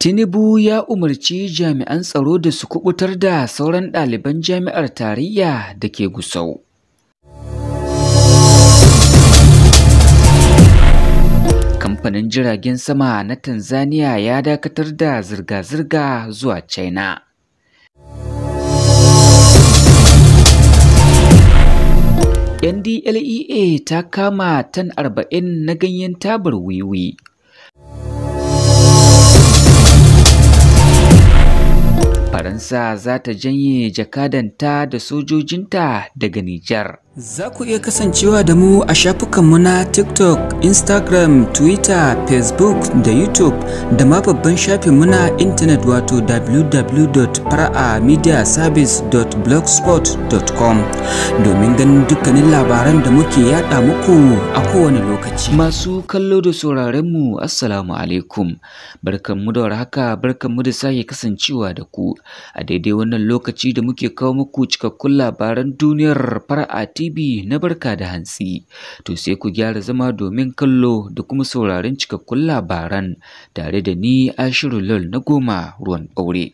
Tinubu ya umarci jami'an tsaro da su kubutar da sauran ɗaliban jami'ar tarayya da ke Gusau. Kamfanin jiragen sama na Tanzania ya dakatar da zirga-zirga zuwa China. NDLEA ta kama tan arba'in na ganyen tabar wiwi. kansa za ta janye jakadanta da sojojinta daga Nijar. Za ku iya kasancewa da mu a shafukanmu na TikTok, Instagram, Twitter, Facebook da YouTube da ma babban shafin muna intanet wato www.fara'amediaservice.blogspot.com domin ganin dukkanin labaran da muke yada muku a kowane lokaci. Masu kallo da mu Assalamu alaikum. Barkanmu da haka barkanmu da sake kasancewa da ku a daidai wannan lokaci da muke kawo muku cikakkun labaran duniyar fara'a TV na barka da hantsi. To sai ku gyara zama domin kallo da kuma sauraron cikakkun labaran tare da ni shiru Lol na goma ruwan aure.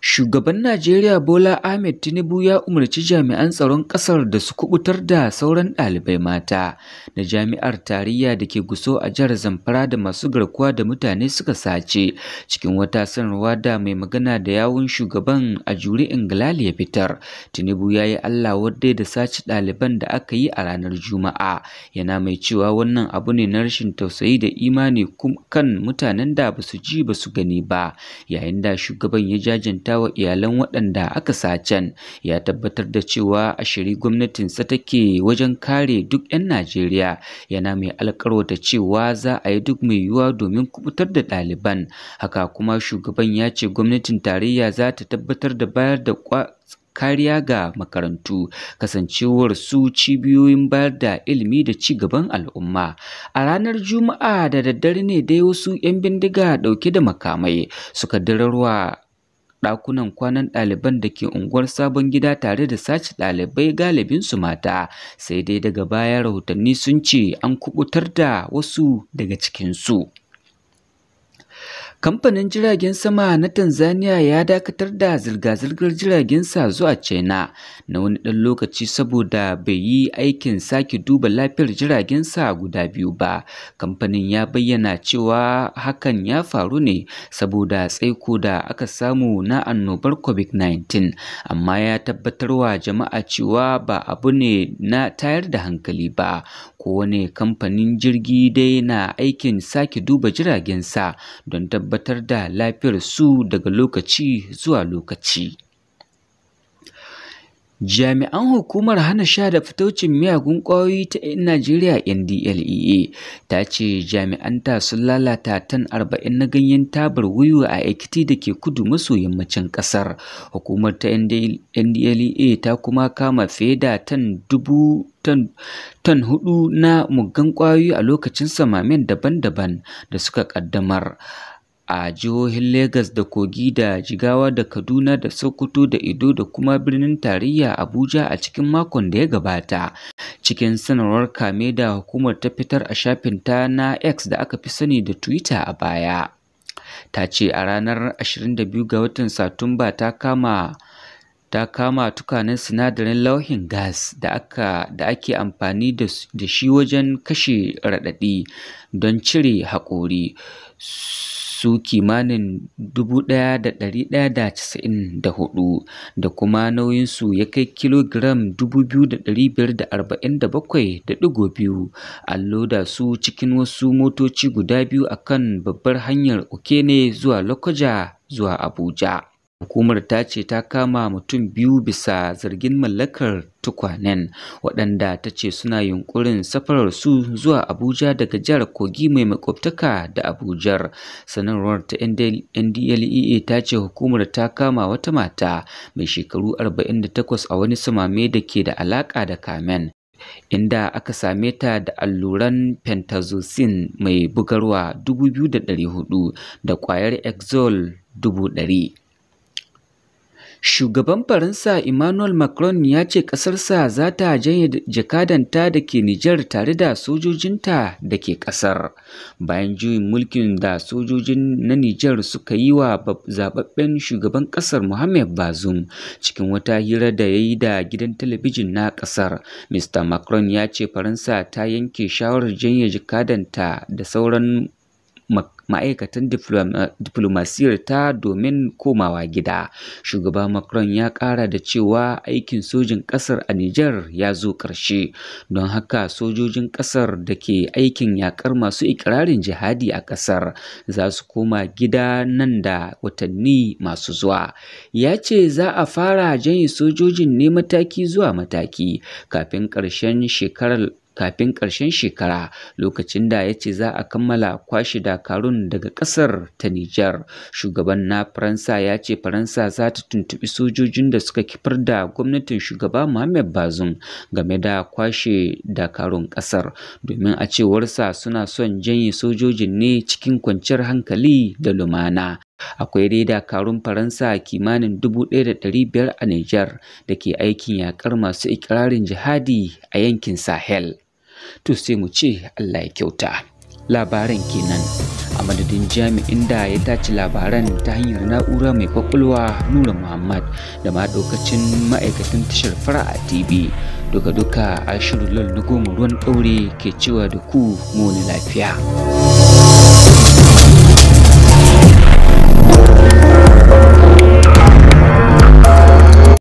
Shugaban Najeriya Bola Ahmed Tinubu ya umarci jami'an tsaron ƙasar da su kubutar da sauran ɗalibai mata na jami'ar tarayya da ke guso a jihar Zamfara da masu garkuwa da mutane suka sace cikin wata sanarwa da mai magana da yawun shugaban a juri Ingilali ya fitar. Tinubu ya yi Allah wadda da sace ɗaliban da aka yi a ranar Juma'a yana mai cewa wannan abu ne na rashin tausayi da imani kan mutanen da ba su ji ba su gani ba yayin da shugaban ya jajanta wa iyalan waɗanda aka sacen ya tabbatar da cewa a shiri gwamnatinsa take wajen kare duk 'yan Najeriya yana mai alkarwata cewa za a yi duk mai yiwuwa domin kubutar da ɗaliban haka kuma shugaban ya ce gwamnatin tarayya za ta tabbatar da bayar da kariya ga makarantu kasancewar su cibiyoyin bayar da ilimi da ci gaban al'umma a ranar juma'a da daddare ne dai wasu 'yan bindiga dauke da makamai suka dararwa Dakunan kwanan ɗaliban da ke unguwar sabon gida tare da sace ɗalibai galibin su mata sai dai daga baya rahotanni sun ce an kubutar da wasu daga cikinsu kamfanin jiragen sama na Tanzania ya dakatar da zirga-zirgar jiragensa zuwa China na wani ɗan lokaci saboda bai yi aikin sake duba lafiyar jiragensa guda biyu ba. Kamfanin ya bayyana cewa hakan ya faru ne saboda tsaiko da aka samu na annobar COVID-19, amma ya tabbatarwa jama'a cewa ba abu ne na tayar da hankali ba. wani kamfanin jirgi dai na aikin sake duba jiragen sa don tabbatar da lafiyar su daga lokaci zuwa lokaci. Jami'an hukumar hana sha da fitocin miyagun ƙwayoyi ta Najeriya NDLEA ta ce jami'anta sun lalata tan 40 na ganyen tabar wuyu a Ekiti da ke kudu maso yammacin ƙasar. Hukumar ta NDLEA ta kuma kama fiye da tan dubu tan hudu na muggan ƙwayoyi a lokacin samamin daban-daban da suka ƙaddamar. a jihohin Legas da Kogi da Jigawa da Kaduna da Sokoto da Ido da kuma birnin tarayya Abuja a cikin makon da ya gabata. Cikin sanarwar kame da hukumar ta fitar a shafin ta na X da aka fi sani da Twitter a baya. Ta ce a ranar 22 ga watan Satumba ta kama ta kama tukanin sinadarin lauhin gas da aka da ake amfani da shi wajen kashe raɗaɗi don cire haƙori su kimanin 1,194 da kuma nauyinsu ya kai kilogiram 2,547.2 an loda su cikin wasu motoci guda biyu a kan babbar hanyar Okene zuwa Lokoja zuwa Abuja. Hukumar ta ce ta kama mutum biyu bisa zargin mallakar tukwanen, waɗanda ta ce suna yunƙurin safarar su zuwa Abuja daga jihar Kogi mai makwabtaka da Abujar. Sanarwar ta NDLEA ta ce hukumar ta kama wata mata mai shekaru 48 a wani samame da ke da alaƙa da kamen. inda aka same ta da alluran pentazocin mai bugarwa 2,400 da ƙwayar exol 100,000. Shugaban Faransa Emmanuel Macron ya ce ƙasarsa za ta janye jakadanta da ke Nijar tare da sojojinta da ke ƙasar. Bayan juyin mulkin da sojojin na Nijar suka yi wa zababben shugaban ƙasar Mohamed Bazoum cikin wata hira da ya yi da gidan talabijin na ƙasar. Mr. Macron ya ce Faransa ta yanke shawarar janye jakadanta da sauran ma'aikatan diflomasiyar ta domin komawa gida. Shugaba Macron ya ƙara da cewa aikin sojin ƙasar a Nijar ya zo ƙarshe. Don haka sojojin ƙasar da ke aikin yaƙar masu ikirarin jihadi a ƙasar za su koma gida nan da watanni masu zuwa. Ya ce za a fara janye sojojin ne mataki zuwa mataki kafin ƙarshen shekarar kafin ƙarshen shekara lokacin da ya ce za a kammala kwashe dakarun daga ƙasar ta Nijar. Shugaban na Faransa ya ce Faransa za ta tuntuɓi sojojin da suka kifar da gwamnatin shugaba Mohamed Bazoum game da kwashe dakarun ƙasar domin a cewarsa suna son janye sojojin ne cikin kwanciyar hankali da lumana. Akwai dai dakarun Faransa kimanin 1,500 a Nijar da ke aikin yaƙar masu ikirarin jihadi a yankin Sahel. to sai mu ce Allah ya kyauta labaran kenan a madadin jami'in da ya tace labaran ta hanyar na'ura mai kwakwalwa nura muhammad da ma daukacin ma'aikatan tashar fara'a tv duka duka a shirin na goma ruwan ɗaure ke cewa da ku mu lafiya.